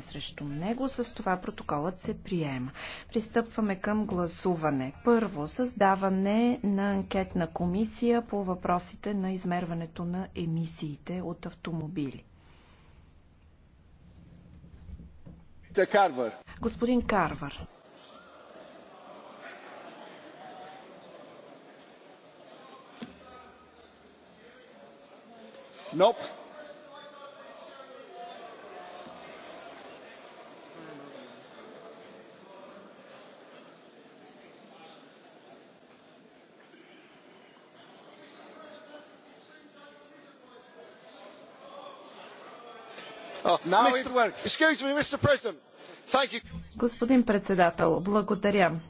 срещу него. С това протоколът се приема. Пристъпваме към гласуване. Първо, създаване на анкетна комисия по въпросите на измерването на емисиите от автомобили. Карвар. Господин Карвар. Nope. Господин председател, благодаря.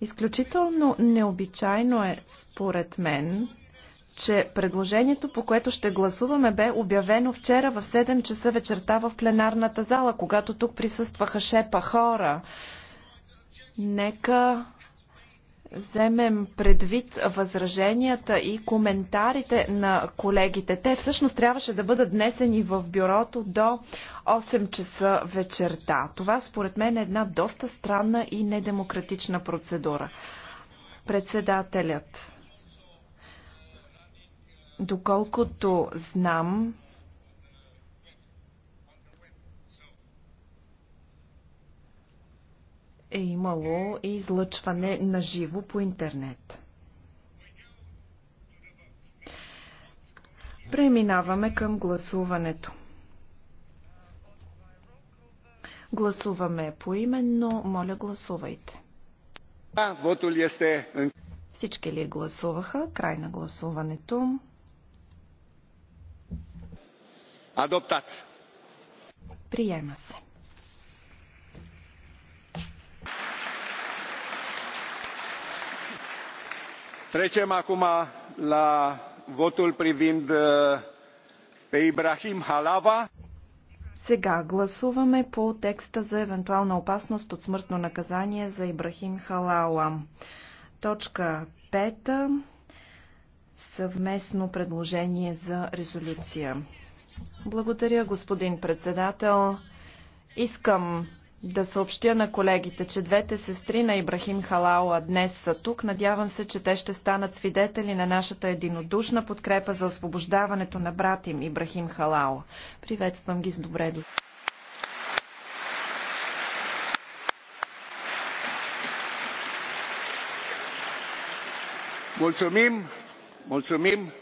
Изключително необичайно е, според мен, че предложението, по което ще гласуваме, бе обявено вчера в 7 часа вечерта в пленарната зала, когато тук присъстваха шепа хора. Нека вземем предвид възраженията и коментарите на колегите. Те всъщност трябваше да бъдат днесени в бюрото до 8 часа вечерта. Това според мен е една доста странна и недемократична процедура. Председателят. Доколкото знам, е имало и излъчване на живо по интернет. Преминаваме към гласуването. Гласуваме поименно. Моля, гласувайте. Всички ли гласуваха? Край на гласуването. Адоптат. Приема се. Trecem acum la votul privind uh, pe Ibrahim Halava. Сега гласуваме по текста за евентуална опасност от смъртно наказание за Ибрахим Халала. Точка 5. Съвместно предложение за резолюция. Благодаря, господин председател. Искам да съобщя на колегите, че двете сестри на Ибрахим Халауа днес са тук. Надявам се, че те ще станат свидетели на нашата единодушна подкрепа за освобождаването на брат им Ибрахим Халауа. Приветствам ги с добре дошли. Mulțumim, mulțumim.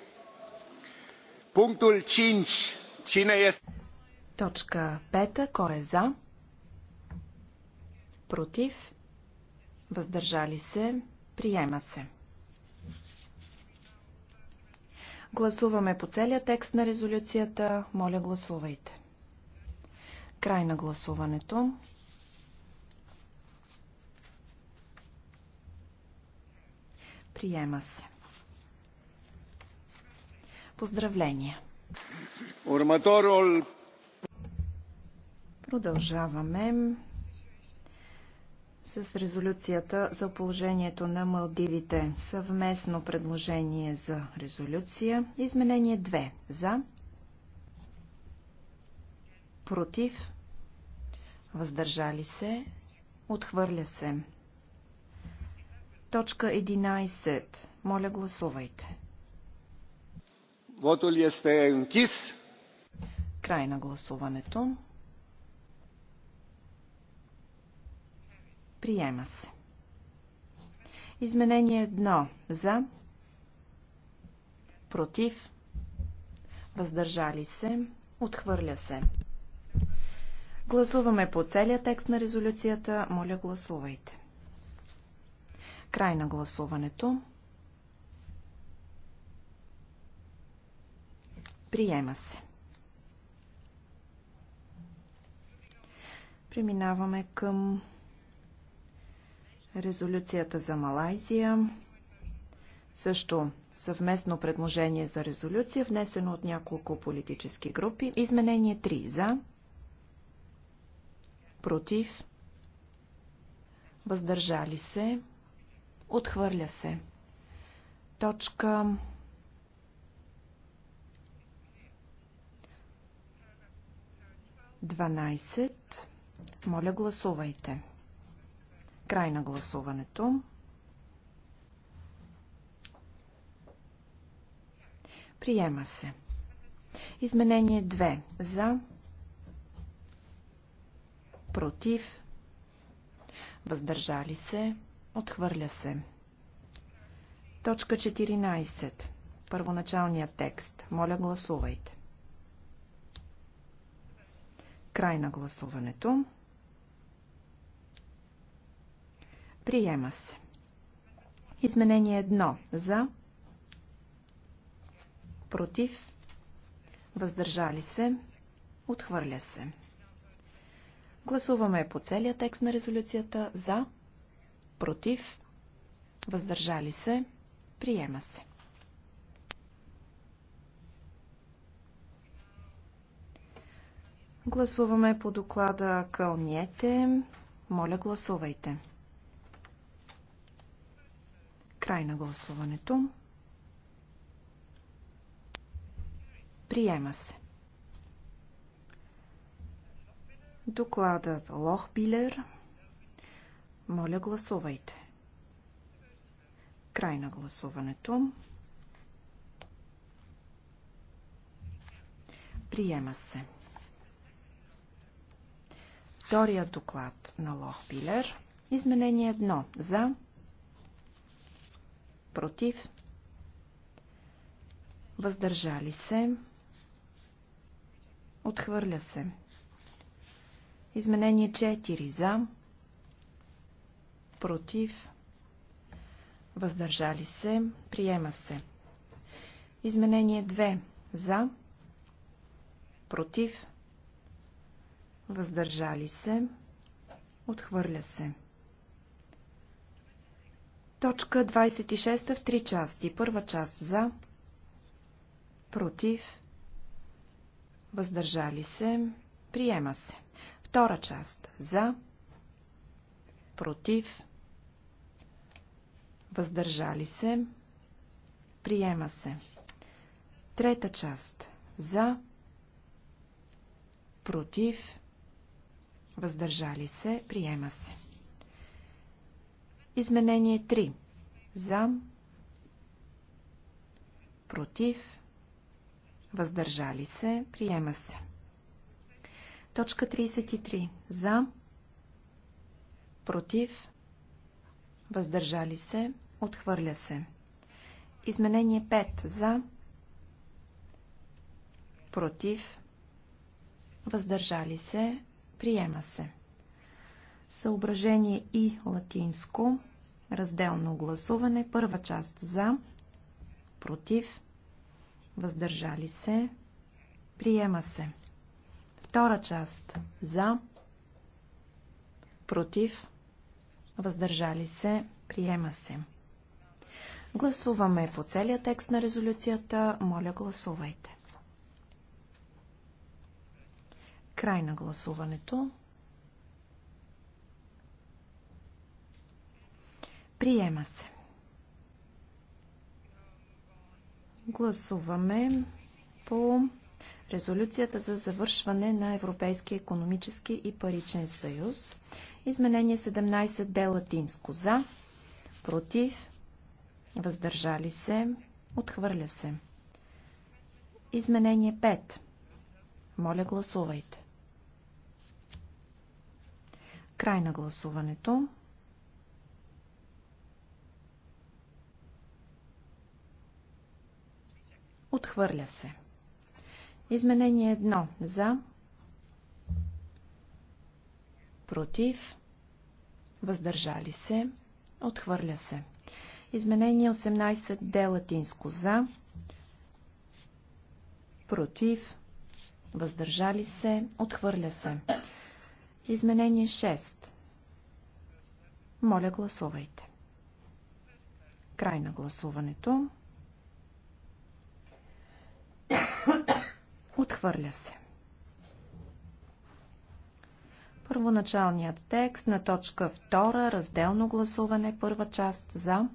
Punctul 5. Cine este? Точка 5. Кой е за? против, въздържали се, приема се. Гласуваме по целия текст на резолюцията. Моля, гласувайте. Край на гласуването. Приема се. Поздравления! Продължаваме с резолюцията за положението на Малдивите. Съвместно предложение за резолюция. Изменение 2. За. Против. Въздържали се. Отхвърля се. Точка 11. Моля гласувайте. Вотът ли е сте Край на гласуването. Приема се. Изменение 1. За. Против. Въздържали се. Отхвърля се. Гласуваме по целия текст на резолюцията. Моля, гласувайте. Край на гласуването. Приема се. Преминаваме към Резолюцията за Малайзия. Също съвместно предложение за резолюция, внесено от няколко политически групи. Изменение 3 за, против, въздържали се, отхвърля се. Точка Дванайсет. Моля, гласувайте. Край на гласуването. Приема се. Изменение 2. За. Против. Въздържали се. Отхвърля се. Точка 14. Първоначалния текст. Моля гласувайте. Край на гласуването. Приема се. Изменение 1. За. Против. Въздържали се. Отхвърля се. Гласуваме по целия текст на резолюцията за, против, въздържали се, приема се. Гласуваме по доклада Кълниете. Моля, гласувайте. Край на гласуването. Приема се. Докладът Лохбилер. Моля, гласувайте. Край на гласуването. Приема се. Вторият доклад на Лохбилер. Изменение 1. За против, въздържали се, отхвърля се. Изменение 4 за, против, въздържали се, приема се. Изменение 2 за, против, въздържали се, отхвърля се. Точка 26 в три части. Първа част за, против, въздържали се, приема се. Втора част за, против, въздържали се, приема се. Трета част за, против, въздържали се, приема се. Изменение 3. За. Против. Въздържали се. Приема се. Точка 33. За. Против. Въздържали се. Отхвърля се. Изменение 5. За. Против. Въздържали се. Приема се. Съображение и латинско. Разделно гласуване. Първа част за, против, въздържали се, приема се. Втора част за, против, въздържали се, приема се. Гласуваме по целия текст на резолюцията. Моля, гласувайте. Край на гласуването. Приема се. Гласуваме по резолюцията за завършване на Европейския економически и паричен съюз. Изменение 17 де латинско за, против, въздържали се, отхвърля се. Изменение 5. Моля гласувайте. Край на гласуването. Отхвърля се. Изменение 1. За. Против. Въздържали се. Отхвърля се. Изменение 18. Де латинско. За. Против. Въздържали се. Отхвърля се. Изменение 6. Моля гласувайте. Край на гласуването. Отхвърля се. Първоначалният текст на точка 2, разделно гласуване, първа част за,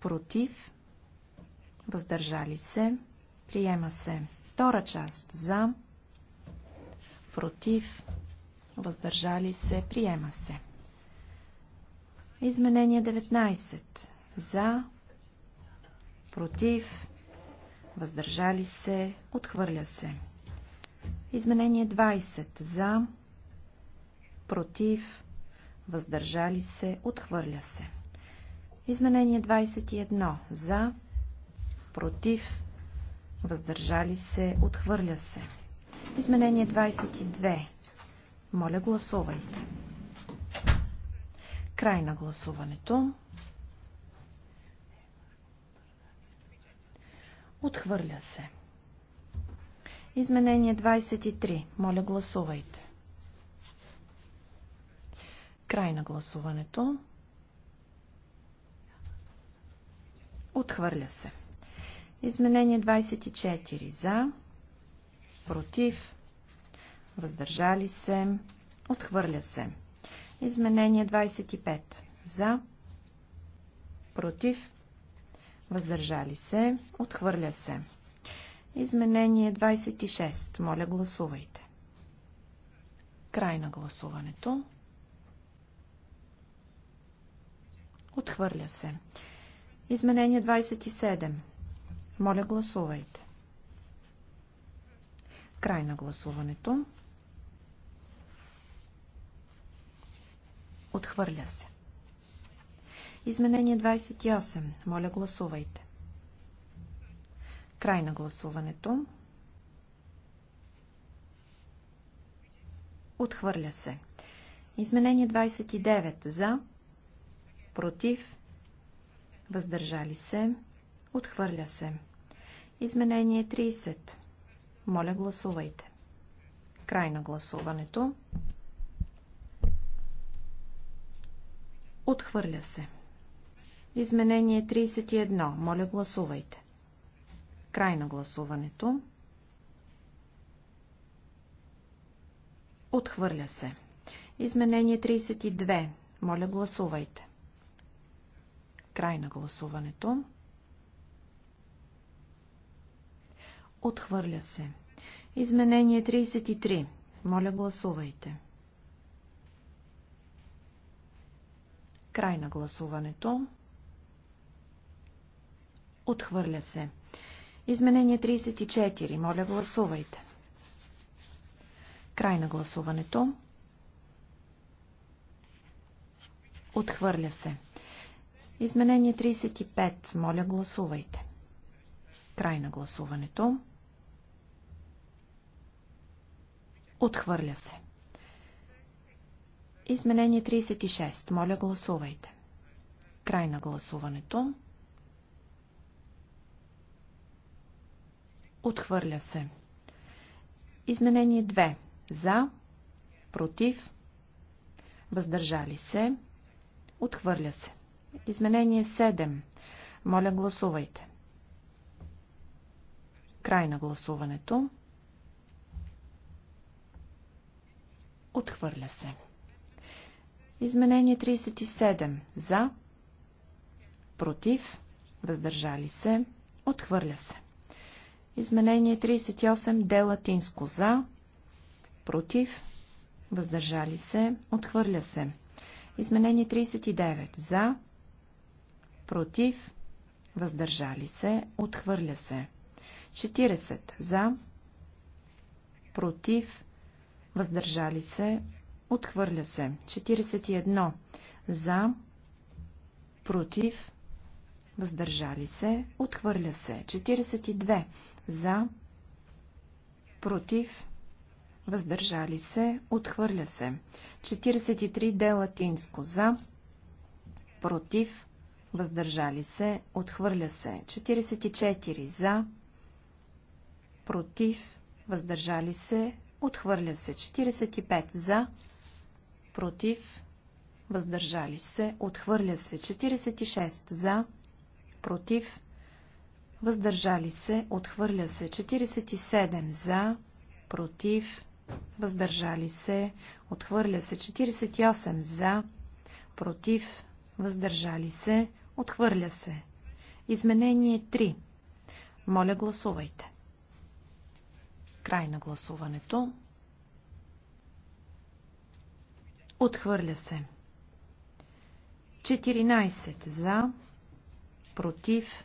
против, въздържали се, приема се. Втора част за, против, въздържали се, приема се. Изменение 19. За, против, въздържали се, отхвърля се. Изменение 20 за, против, въздържали се, отхвърля се. Изменение 21 за, против, въздържали се, отхвърля се. Изменение 22. Моля гласувайте. Край на гласуването. Отхвърля се. Изменение 23. Моля гласувайте. Край на гласуването. Отхвърля се. Изменение 24. За. Против. Въздържали се. Отхвърля се. Изменение 25. За. Против въздържали се, отхвърля се. Изменение 26. Моля, гласувайте. Край на гласуването. Отхвърля се. Изменение 27. Моля, гласувайте. Край на гласуването. Отхвърля се. Изменение 28. Моля, гласувайте. Край на гласуването. Отхвърля се. Изменение 29. За. Против. Въздържали се. Отхвърля се. Изменение 30. Моля, гласувайте. Край на гласуването. Отхвърля се. Изменение 31. Моля гласувайте. Край на гласуването. Отхвърля се. Изменение 32. Моля гласувайте. Край на гласуването. Отхвърля се. Изменение 33. Моля гласувайте. Край на гласуването. Отхвърля се. Изменение 34. Моля, гласувайте. Край на гласуването. Отхвърля се. Изменение 35. Моля, гласувайте. Край на гласуването. Отхвърля се. Изменение 36. Моля, гласувайте. Край на гласуването. Отхвърля се. Изменение 2. За. Против. Въздържали се. Отхвърля се. Изменение 7. Моля, гласувайте. Край на гласуването. Отхвърля се. Изменение 37. За. Против. Въздържали се. Отхвърля се. Изменение 38 де латинско за, против, въздържали се, отхвърля се. Изменение 39 за, против, въздържали се, отхвърля се. 40 за, против, въздържали се, отхвърля се. 41 за, против, въздържали се, отхвърля се. 42 за. Против. Въздържали се. Отхвърля се. 43 де латинско. За. Против. Въздържали се. Отхвърля се. 44 за. Против. Въздържали се. Отхвърля се. 45 за. Против. Въздържали се. Отхвърля се. 46 за. Против въздържали се, отхвърля се. 47 за, против, въздържали се, отхвърля се. 48 за, против, въздържали се, отхвърля се. Изменение 3. Моля, гласувайте. Край на гласуването. Отхвърля се. 14 за, против,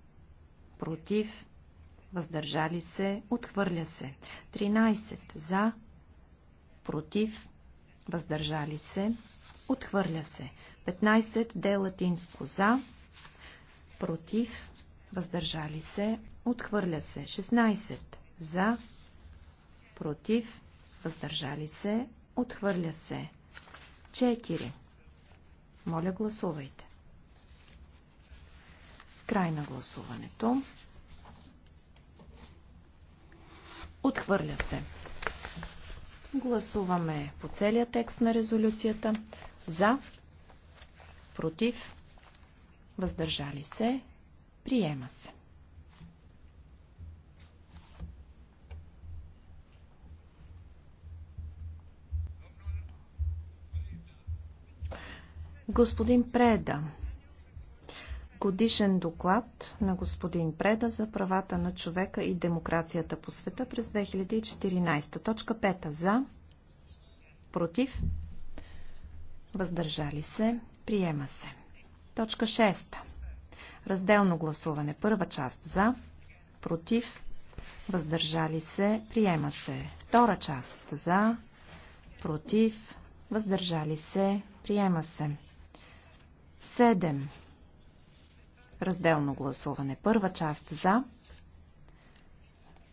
против, въздържали се, отхвърля се. 13 за, против, въздържали се, отхвърля се. 15 де латинско за, против, въздържали се, отхвърля се. 16 за, против, въздържали се, отхвърля се. 4. Моля гласувайте. Край на гласуването. Отхвърля се. Гласуваме по целия текст на резолюцията. За, против, въздържали се, приема се. Господин Преда, годишен доклад на господин Преда за правата на човека и демокрацията по света през 2014. Точка 5. За. Против. Въздържали се. Приема се. Точка 6. Разделно гласуване. Първа част. За. Против. Въздържали се. Приема се. Втора част. За. Против. Въздържали се. Приема се. 7. Разделно гласуване. Първа част за,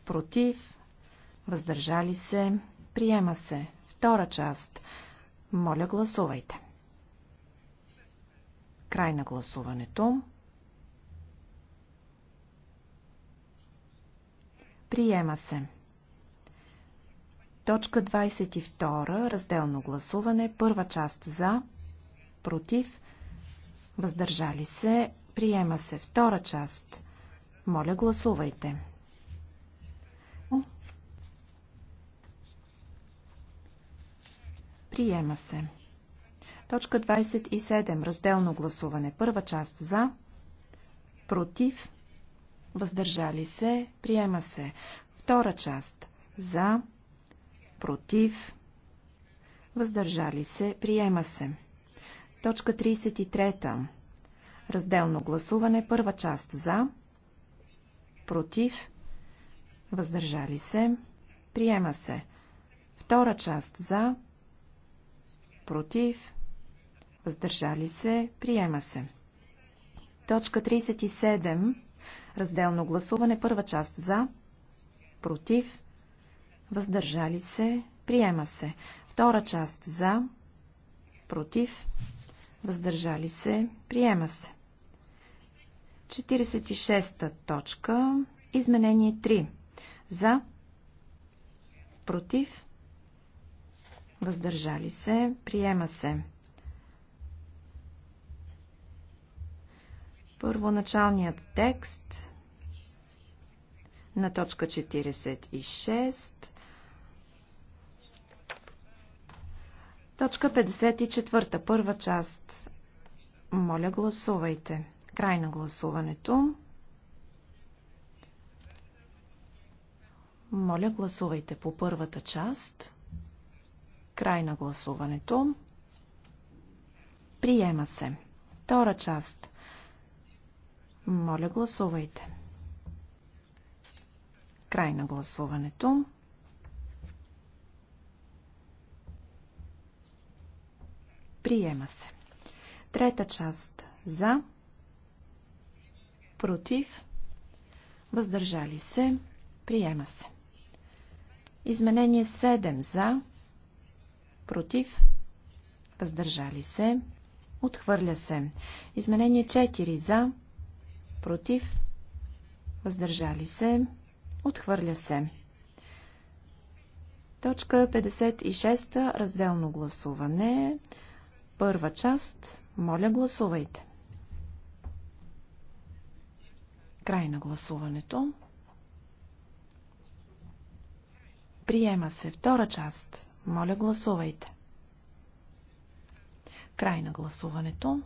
против, въздържали се, приема се. Втора част. Моля, гласувайте. Край на гласуването. Приема се. Точка 22. Разделно гласуване. Първа част за, против, въздържали се, Приема се. Втора част. Моля, гласувайте. Приема се. Точка 27. Разделно гласуване. Първа част за. Против. Въздържали се. Приема се. Втора част. За. Против. Въздържали се. Приема се. Точка 33. Разделно гласуване. Първа част за. Против. Въздържали се. Приема се. Втора част за. Против. Въздържали се. Приема се. Точка 37. Разделно гласуване. Първа част за. Против. Въздържали се. Приема се. Втора част за. Против. Въздържали се. Приема се. 46-та точка. Изменение 3. За. Против. Въздържали се. Приема се. Първоначалният текст на точка 46. Точка 54. Първа част. Моля, гласувайте. Край на гласуването. Моля, гласувайте по първата част. Край на гласуването. Приема се. Втора част. Моля, гласувайте. Край на гласуването. Приема се. Трета част. За против, въздържали се, приема се. Изменение 7 за, против, въздържали се, отхвърля се. Изменение 4 за, против, въздържали се, отхвърля се. Точка 56. Разделно гласуване. Първа част. Моля, гласувайте. Край на гласуването. Приема се втора част. Моля, гласувайте. Край на гласуването.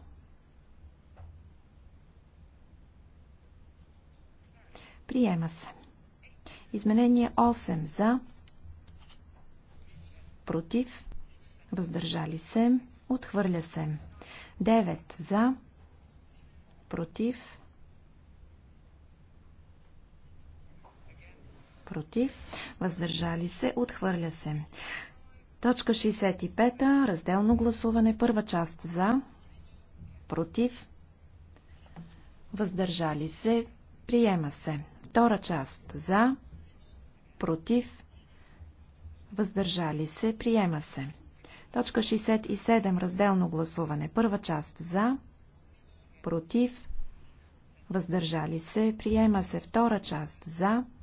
Приема се. Изменение 8 за, против, въздържали се, отхвърля се. 9 за, против, против, въздържали се, отхвърля се. Точка 65. Разделно гласуване. Първа част за, против, въздържали се, приема се. Втора част за, против, въздържали се, приема се. Точка 67. Разделно гласуване. Първа част за, против, въздържали се, приема се. Втора част за, против,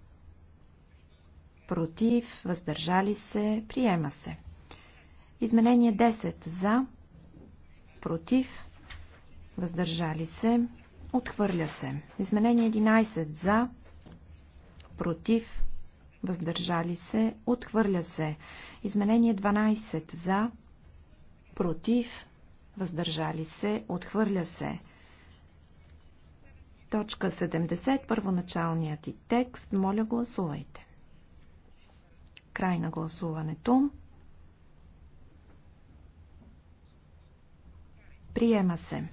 против, въздържали се, приема се. Изменение 10 за, против, въздържали се, отхвърля се. Изменение 11 за, против, въздържали се, отхвърля се. Изменение 12 за, против, въздържали се, отхвърля се. Точка 70, първоначалният и текст, моля гласувайте. Край на гласуването. Приема се.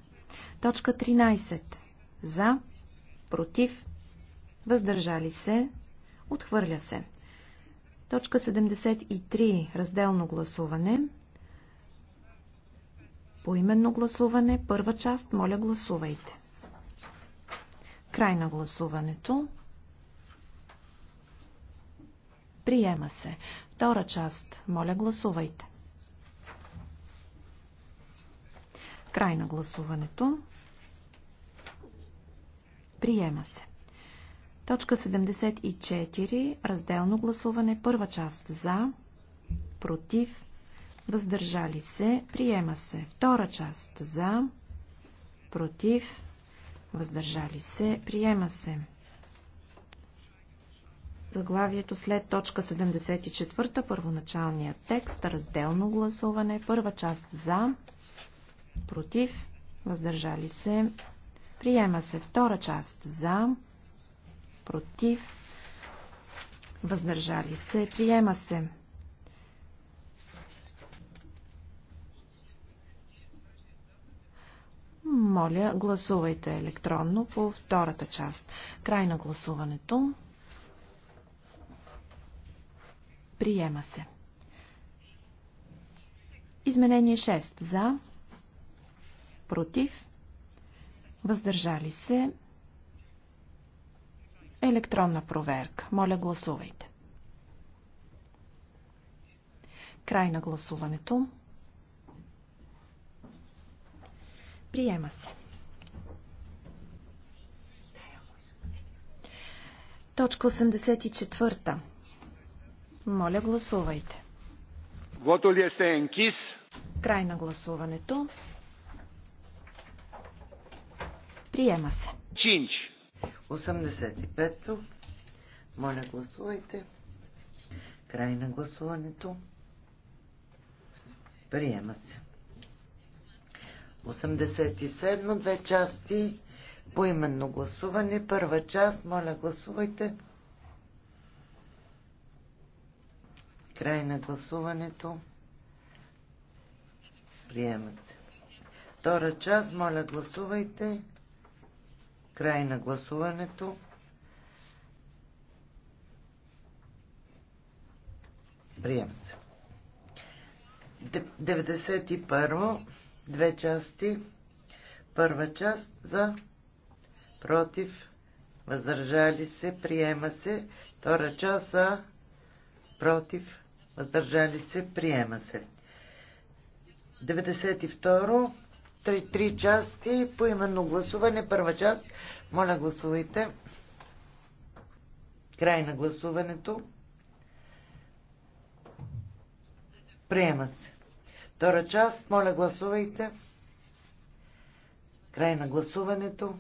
Точка 13. За, против, въздържали се, отхвърля се. Точка 73. Разделно гласуване. Поименно гласуване. Първа част. Моля, гласувайте. Край на гласуването. Приема се. Втора част. Моля, гласувайте. Край на гласуването. Приема се. Точка 74. Разделно гласуване. Първа част за, против, въздържали се. Приема се. Втора част за, против, въздържали се. Приема се заглавието след точка 74, първоначалния текст, разделно гласуване, първа част за, против, въздържали се, приема се втора част за, против, въздържали се, приема се. Моля, гласувайте електронно по втората част. Край на гласуването. Приема се. Изменение 6. За. Против. Въздържали се. Електронна проверка. Моля, гласувайте. Край на гласуването. Приема се. Точка 84. Моля, гласувайте. Вотът е енкис. Край на гласуването. Приема се. Чинч. 85-то. Моля, гласувайте. Край на гласуването. Приема се. 87 две части. Поименно гласуване. Първа част. Моля, гласувайте. Край на гласуването. Приема се. Втора част, моля гласувайте. Край на гласуването. Приема се. 91. Две части. Първа част за против. Въздържали се. Приема се. Втора част за против въздържали се, приема се. 92. Три, три части по именно гласуване. Първа част. Моля, гласувайте. Край на гласуването. Приема се. Втора част. Моля, гласувайте. Край на гласуването.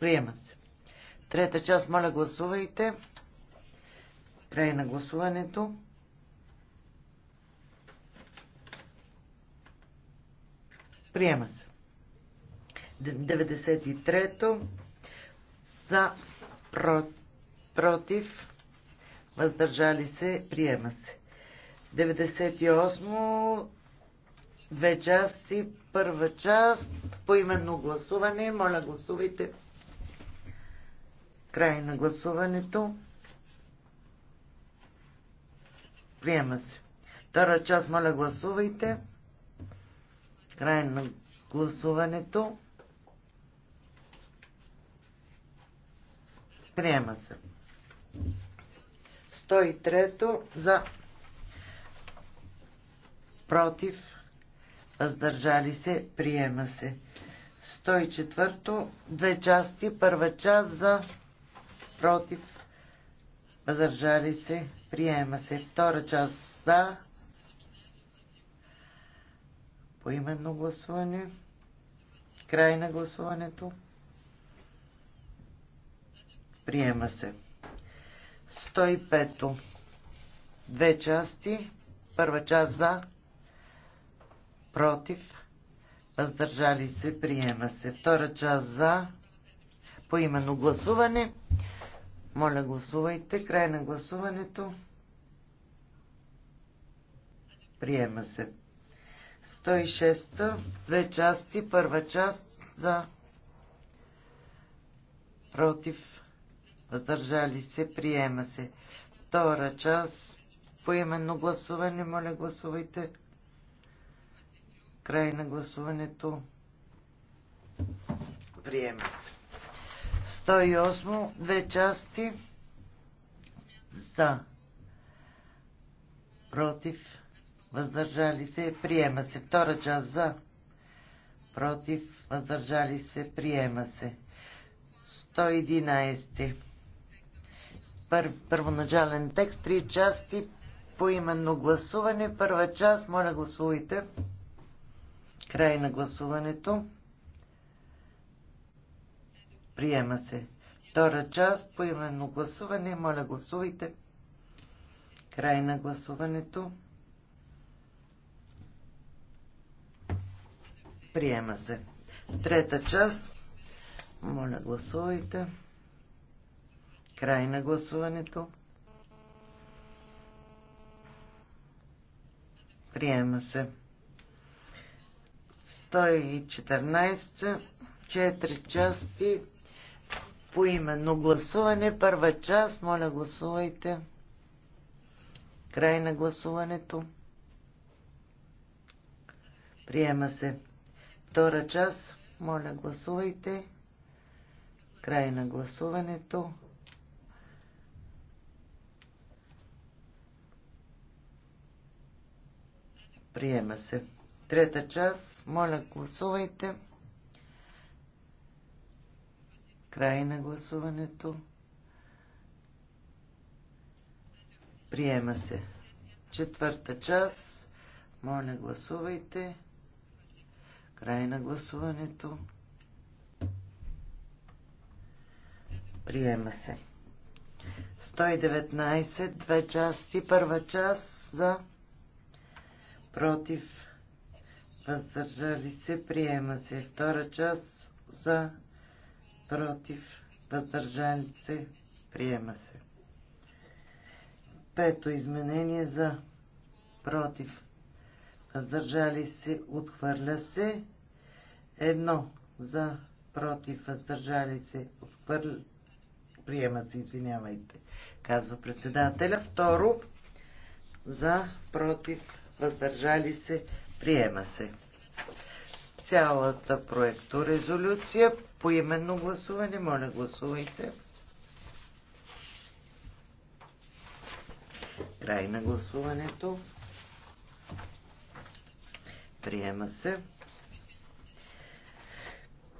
Приема се. Трета част, моля гласувайте. Край на гласуването. Приема се. 93-то за про, против въздържали се, приема се. 98 две части, първа част, по именно гласуване. Моля, гласувайте. Край на гласуването. Приема се. Втора част, моля, гласувайте. Край на гласуването. Приема се. 103 за против въздържали се, приема се. 104 две части, първа част за против, въздържали се, приема се. Втора част за, поименно гласуване, край на гласуването, приема се. 105-то, две части, първа част за, против, въздържали се, приема се. Втора част за, поименно гласуване, моля, гласувайте. Край на гласуването. Приема се. 106-та, две части, първа част за против, въздържали се, приема се. Втора част, поименно гласуване, моля гласувайте. Край на гласуването. Приема се. 108, две части за, против, въздържали се, приема се. Втора част за, против, въздържали се, приема се. 111. Пър, първоначален текст, три части, по именно гласуване. Първа част, моля гласувайте. Край на гласуването. Приема се. Втора част по именно гласуване. Моля, гласувайте. Край на гласуването. Приема се. Трета част. Моля, гласувайте. Край на гласуването. Приема се. 114. 4 части. По именно гласуване, първа част, моля гласувайте. Край на гласуването. Приема се. Втора част, моля гласувайте. Край на гласуването. Приема се. Трета част, моля гласувайте. Край на гласуването. Приема се. Четвърта част. Моля, гласувайте. Край на гласуването. Приема се. 119, две части. Първа част за против. Въздържали се. Приема се. Втора част за против, въздържали се, приема се. Пето изменение за против, въздържали се, отхвърля се. Едно за против, въздържали се, отхвърля. Приема се, извинявайте, казва председателя. Второ, за против, въздържали се, приема се цялата проекторезолюция. По именно гласуване, моля гласувайте. Край на гласуването. Приема се.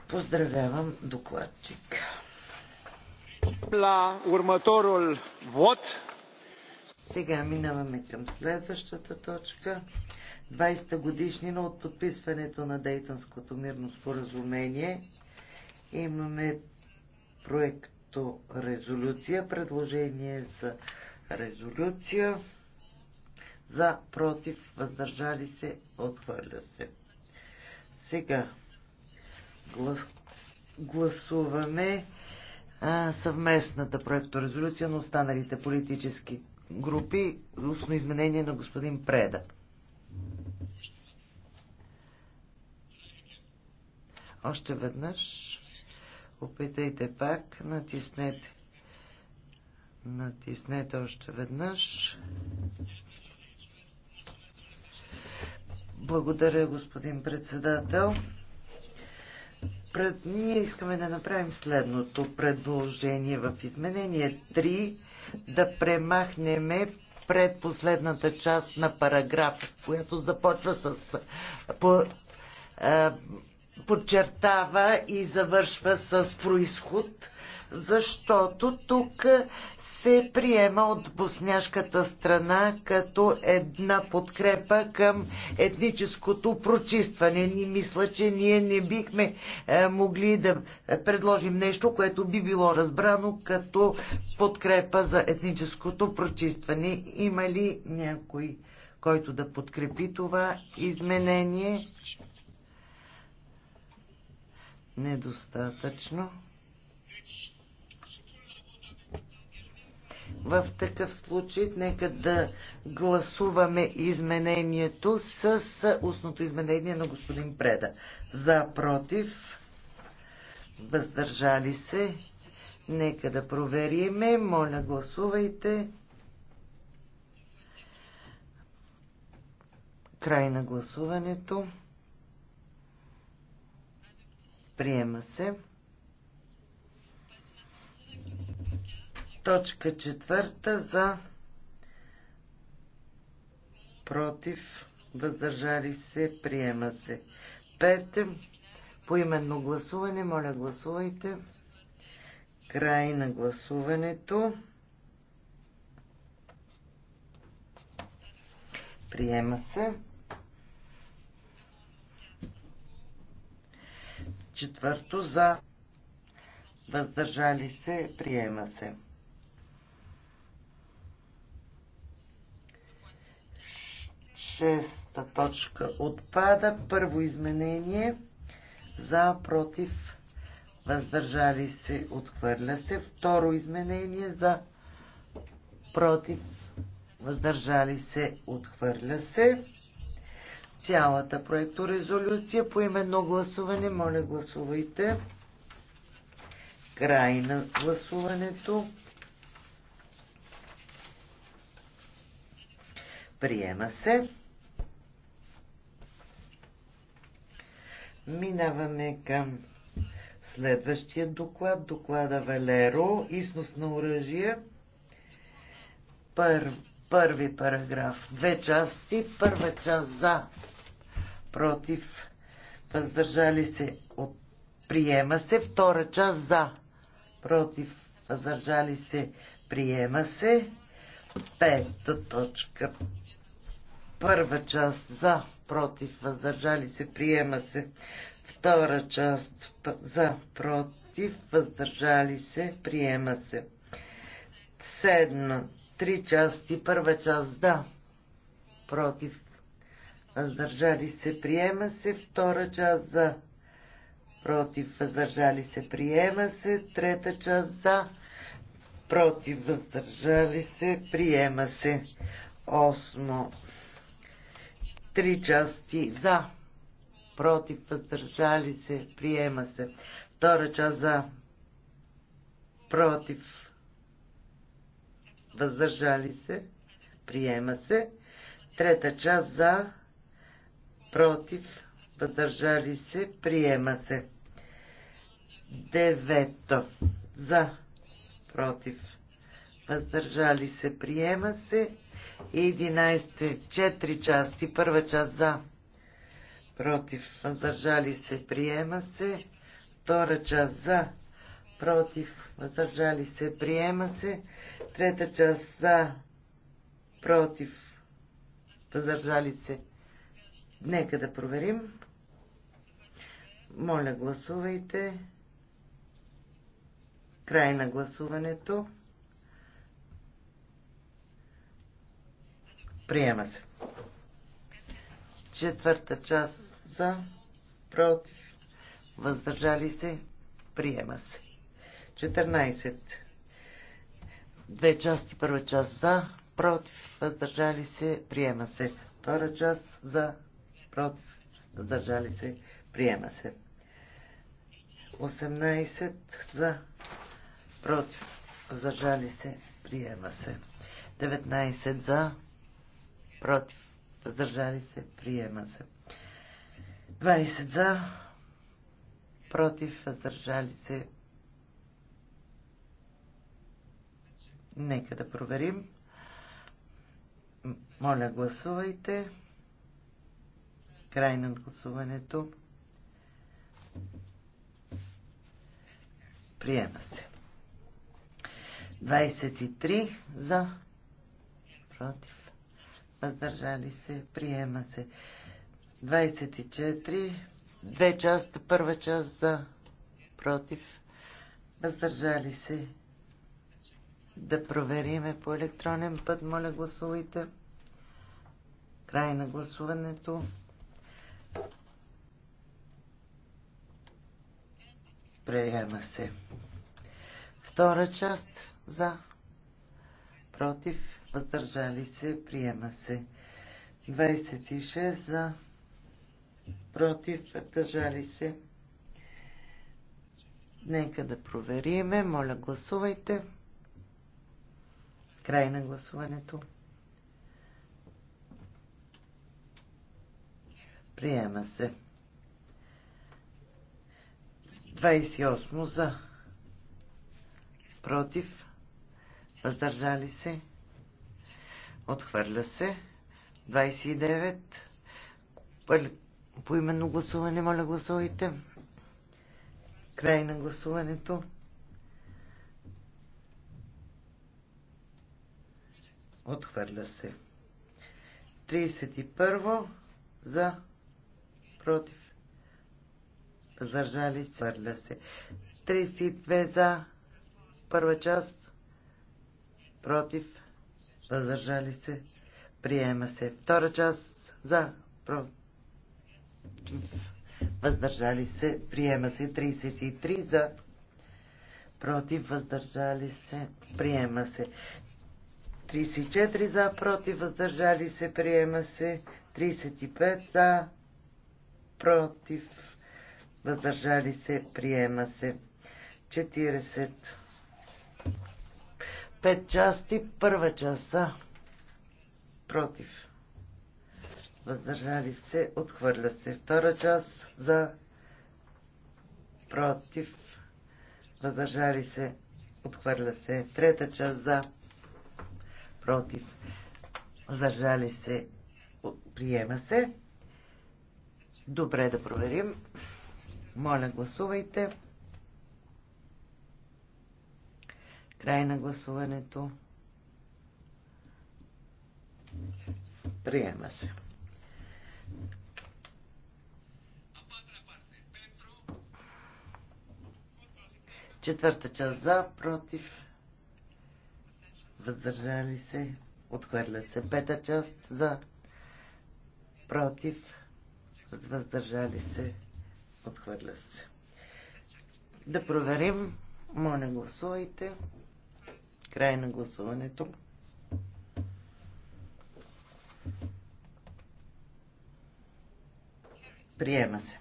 Поздравявам докладчик. La următorul vot сега минаваме към следващата точка. 20-та годишнина от подписването на Дейтанското мирно споразумение. Имаме проекто резолюция, предложение за резолюция за против, въздържали се, отхвърля се. Сега глас, гласуваме а, съвместната проекторезолюция на останалите политически групи устно изменение на господин Преда. Още веднъж опитайте пак, натиснете. Натиснете още веднъж. Благодаря, господин председател. Пред... Ние искаме да направим следното предложение в изменение 3 да премахнеме предпоследната част на параграф, която започва с по, а, е, подчертава и завършва с происход, защото тук се приема от босняшката страна като една подкрепа към етническото прочистване. Ни мисля, че ние не бихме е, могли да предложим нещо, което би било разбрано като подкрепа за етническото прочистване. Има ли някой, който да подкрепи това изменение? недостатъчно. В такъв случай нека да гласуваме изменението с устното изменение на господин Преда. За, против, въздържали се. Нека да провериме. Моля, гласувайте. Край на гласуването. Приема се. Точка четвърта за против, въздържали се, приема се. Пет, поименно гласуване, моля гласувайте. Край на гласуването. Приема се. Четвърто за. Въздържали се. Приема се. Шеста точка отпада. Първо изменение. За, против, въздържали се, отхвърля се. Второ изменение за, против, въздържали се, отхвърля се цялата проекторезолюция по именно гласуване. Моля, гласувайте. Край на гласуването. Приема се. Минаваме към следващия доклад, доклада Валеро, износ на оръжие. Пър, първи параграф, две части, първа част за против, въздържали се, от... приема се. Втора част за, против, въздържали се, приема се. Пета точка. Първа част за, против, въздържали се, приема се. Втора част за, против, въздържали се, приема се. Седма. Три части. Първа част да, против, въздържали се, приема се. Втора част за, против, въздържали се, приема се. Трета част за, против, въздържали се, приема се. Осмо. Три части за, против, въздържали се, приема се. Втора част за, против, въздържали се, приема се. Трета част за, против, въздържали се, приема се. Девето. За, против, въздържали се, приема се. 11. Четири части. Първа част за, против, въздържали се, приема се. Втора част за, против, въздържали се, приема се. Трета част за, против, въздържали се, Нека да проверим. Моля, гласувайте. Край на гласуването. Приема се. Четвърта част за, против, въздържали се, приема се. 14. Две части, първа част за, против, въздържали се, приема се. Втора част за, против, задържали се, приема се. 18 за, против, въздържали се, приема се. 19 за, против, Задържали се, приема се. 20 за, против, въздържали се. Нека да проверим. Моля, гласувайте. Край на гласуването. Приема се. 23 за. Против. Въздържали се. Приема се. 24. Две части. Първа част за. Против. Въздържали се. Да провериме по електронен път. Моля, гласувайте. Край на гласуването. Приема се. Втора част за. Против. Въздържали се. Приема се. 26 за. Против. Въздържали се. Нека да провериме. Моля, гласувайте. Край на гласуването. Приема се. 28 за. Против. Въздържали се. Отхвърля се. 29. По именно гласуване, моля гласувайте. Край на гласуването. Отхвърля се. 31 за против, въздържали се, Върля се. 32 за, първа част, против, въздържали се, приема се. Втора част, за, против, въздържали се, приема се. 33 за, против, въздържали се, приема се. 34 за, против, въздържали се, приема се. 35 за, против, въздържали се, приема се. 40. Пет части, първа част за, против, въздържали се, отхвърля се. Втора част за, против, въздържали се, отхвърля се. Трета част за, против, въздържали се, приема се. Добре да проверим. Моля, гласувайте. Край на гласуването. Приема се. Четвърта част за, против, въздържали се, отхвърлят се. Пета част за, против, въздържали се, отхвърля се. Да проверим. Моля, гласувайте. Край на гласуването. Приема се.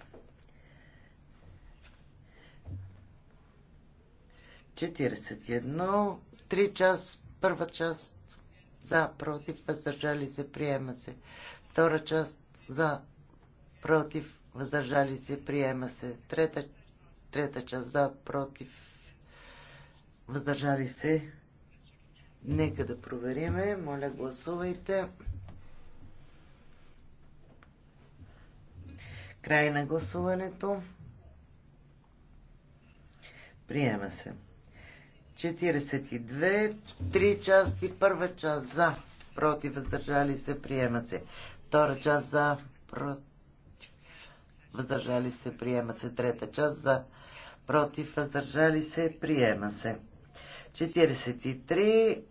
41, Три час, първа част за, против, въздържали се, приема се. Втора част за, против, въздържали се, приема се. Трета, трета част за, против, въздържали се. Нека да провериме. Моля, гласувайте. Край на гласуването. Приема се. 42, 3 части, първа част за, против, въздържали се, приема се. Втора част за, против въздържали се, приема се. Трета част за, против, въздържали се, приема се. 43,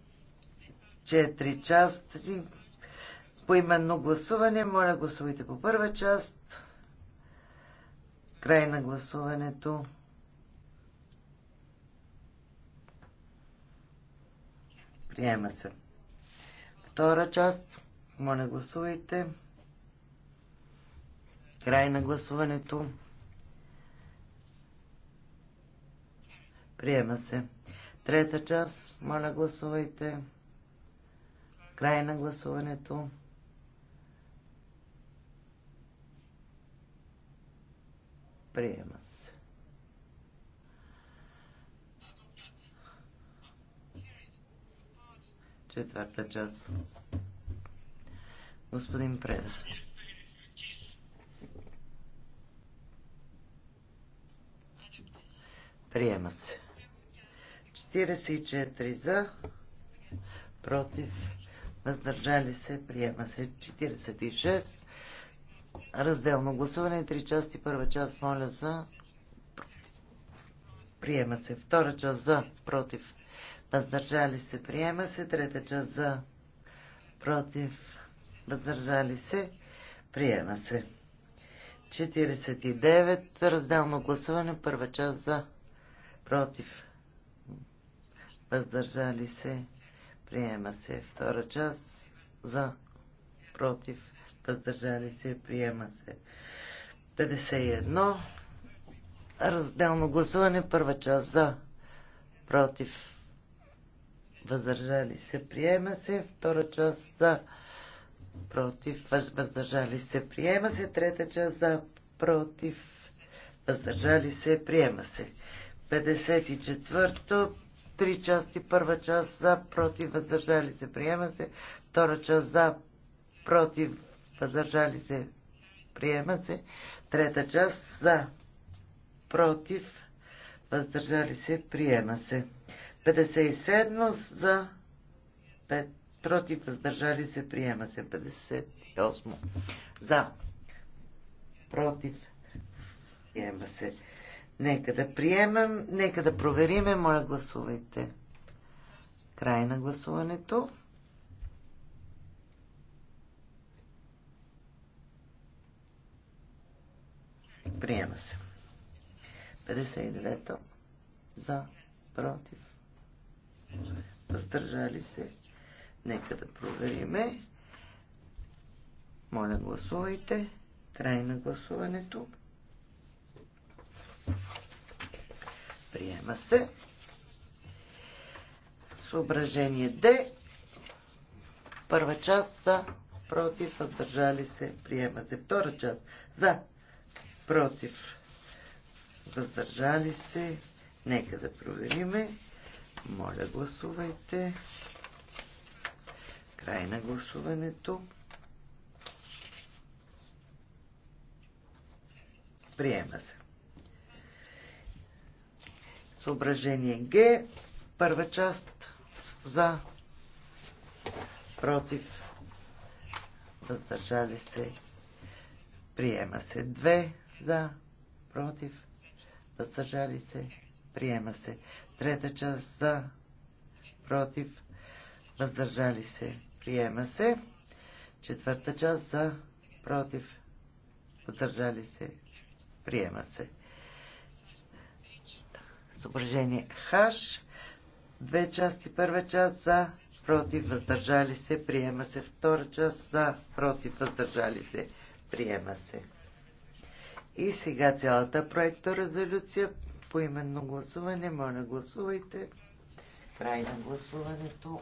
4 части, поименно гласуване. Моля, гласувайте по първа част. Край на гласуването. Приема се. Втора част. Моля, гласувайте. Край на гласуването. Приема се. Трета част. Моля, гласувайте. Край на гласуването. Приема се. Четвърта част. Господин Преда. Приема се. 44 за, против, въздържали се, приема се. 46, разделно гласуване, 3 части, първа част, моля за, приема се. Втора част за, против, въздържали се, приема се. Трета част за, против, въздържали се, приема се. 49, разделно гласуване, първа част за, против, въздържали се, приема се. Втора част за, против, въздържали се, приема се. 51. Разделно гласуване, първа част за, против, въздържали се, приема се. Втора част за, против, въздържали се, приема се. Трета част за, против, въздържали се, приема се. 54-то, три части, първа част за, против, въздържали се, приема се, втора част за, против, въздържали се, приема се, трета част за, против, въздържали се, приема се. 57 за, 5, против, въздържали се, приема се. 58 за, против, приема се. Нека да приемем, нека да провериме, моля гласувайте. Край на гласуването. Приема се. 59-то. За. Против. Въздържали се. Нека да провериме. Моля, гласувайте. Край на гласуването. Приема се. Съображение Д. Първа част за против, въздържали се, приема се. Втора част за против, въздържали се. Нека да провериме. Моля, гласувайте. Край на гласуването. Приема се. Съображение Г. Първа част за, против, въздържали се, приема се. Две за, против, въздържали се, приема се. Трета част за, против, въздържали се, приема се. Четвърта част за, против, въздържали се, приема се. Съображение Хаш. Две части. Първа част за, против, въздържали се, приема се. Втора част за, против, въздържали се, приема се. И сега цялата проекта резолюция по именно гласуване. Моля, гласувайте. Край на гласуването.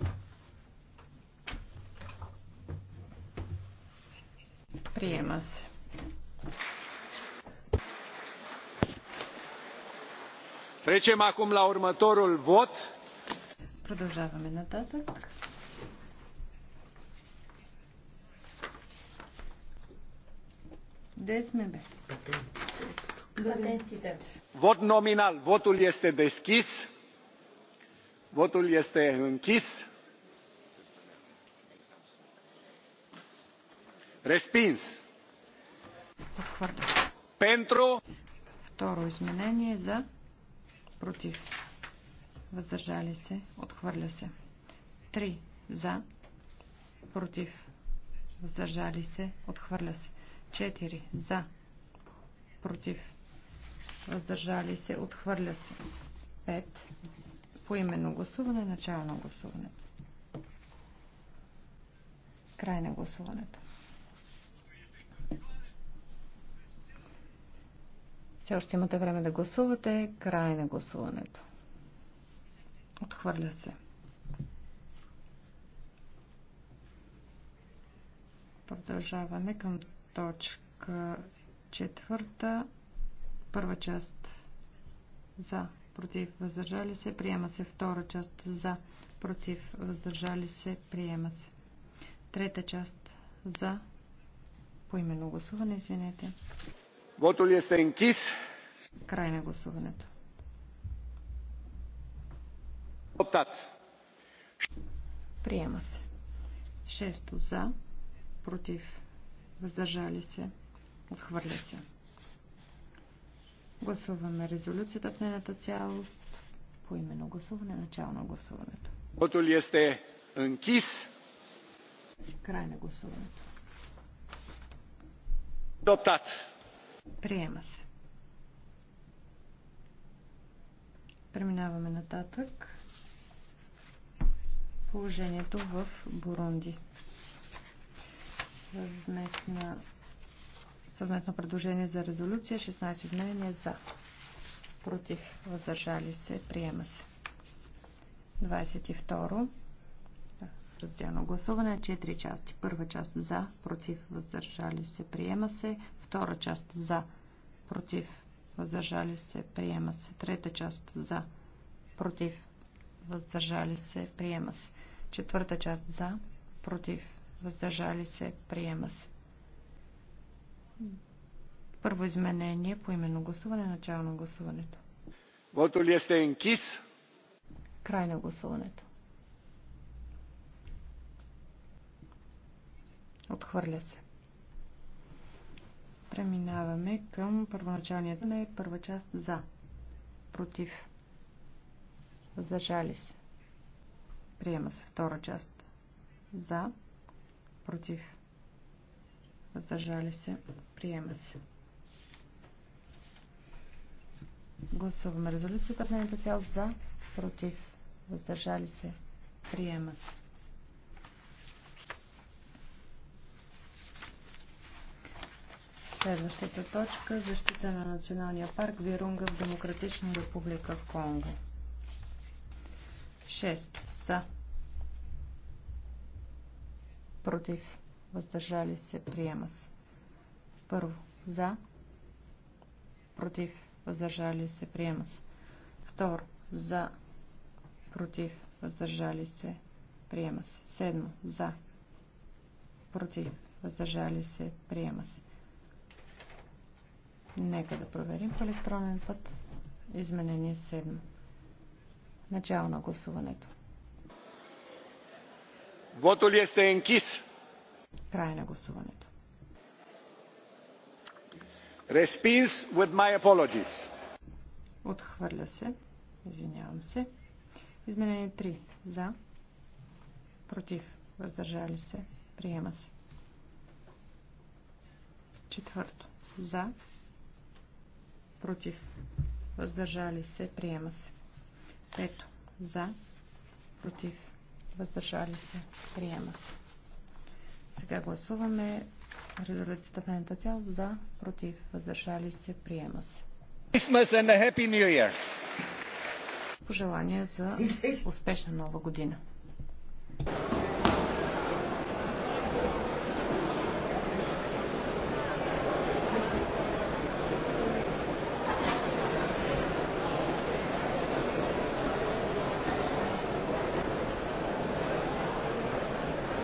Приема се. Trecem acum la următorul vot. Vot nominal. Votul este deschis. Votul este închis. Respins. Pentru против, въздържали се, отхвърля се. 3 за, против, въздържали се, отхвърля се. 4 за, против, въздържали се, отхвърля се. 5 по именно гласуване, начало на гласуването. Край на гласуването. Все още имате време да гласувате. Край на гласуването. Отхвърля се. Продължаваме към точка четвърта. Първа част за, против, въздържали се, приема се. Втора част за, против, въздържали се, приема се. Трета част за, поименно гласуване, извинете. Votul este închis. Край на гласуването. Оптат. Приема се. Шесто за, против, въздържали се, отхвърля се. Гласуваме резолюцията в нейната цялост по именно гласуване, начало на гласуването. Вотul е сте închis. Край на гласуването. Доптат. Приема се. Преминаваме нататък. Положението в Бурунди. Съвместна, съвместно предложение за резолюция. 16 изменения за. Против. Въздържали се. Приема се. 22 разделно гласуване. Четири части. Първа част за, против, въздържали се, приема се. Втора част за, против, въздържали се, приема се. Трета част за, против, въздържали се, приема се. Четвърта част за, против, въздържали се, приема се. Първо изменение по именно гласуване, начало на гласуването. Вотът ли сте енкис? Край на гласуването. Отхвърля се. Преминаваме към първоначалният на е първа част за. Против. Въздържали се. Приема се втора част. За. Против. Въздържали се. Приема се. Гласуваме резолюцията на цял за. Против. Въздържали се. Приема се. Следващата точка – защита на Националния парк Вирунга в Демократична република в Конго. 6. За. Против. Въздържали се. Приема се. Първо. За. Против. Въздържали се. Приема се. Второ. За. Против. Въздържали се. Приема се. Седмо. За. Против. Въздържали се. Приема се. Нека да проверим по електронен път изменение 7. Начало на гласуването. Вото ли е сте енкис? Край на гласуването. Респинс with my apologies. Отхвърля се. Извинявам се. Изменение 3. За. Против. Въздържали се. Приема се. Четвърто. За против, въздържали се, приема се. Пето, за, против, въздържали се, приема се. Сега гласуваме резолюцията в едната цяло за, против, въздържали се, приема се. Christmas Пожелания за успешна нова година!